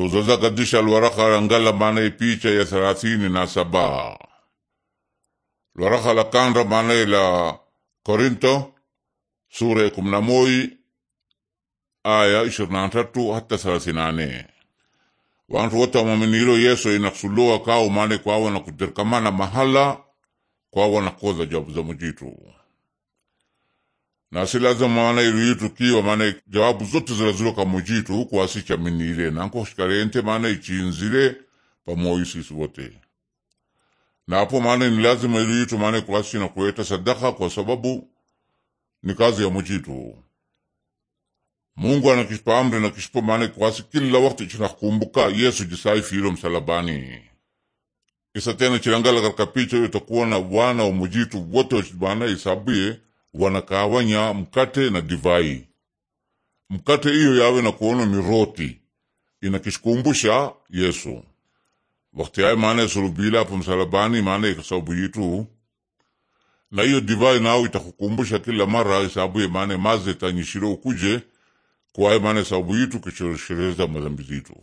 luzozakadisha alwarakha angala maanaye picha ya thelathini na saba lwarakha la kanda maanaye la Korinto sura ya kumi na moja aya ishirini na tatu hata thelathini na nane wantu wote wamaminilo yesu inaksuluwa kao maana kwawa na kutirikamana mahala kwawa na koza jabu za mujitu na si lazima maana iliitukiwa maana jawabu zote zilaziloka kamujitu huku asichaminile nanko shikarente maana ichinzile pamoyo sisi wote napo maana ni lazima iliitu maana kulasi na kuleta sadaka kwa sababu ni kazi ya mujitu Mungu anakishipa amri na kishipo maana kwasi kila wakati chinakumbuka Yesu jisaifilo msalabani isa tena chilangala karika picha itakuwa na wana wa mujitu wote wa maana isabuye wanakawanya mkate na divai. Mkate hiyo yawe na kuona miroti inakishikumbusha Yesu wakati aye maana yasulubila apo msalabani, maana ikasabu yitu na hiyo divai nao itakukumbusha kila mara isabuye maana maze tanyishiro ukuje kwaye maana sabu yitu kishereshereza mazambi zitu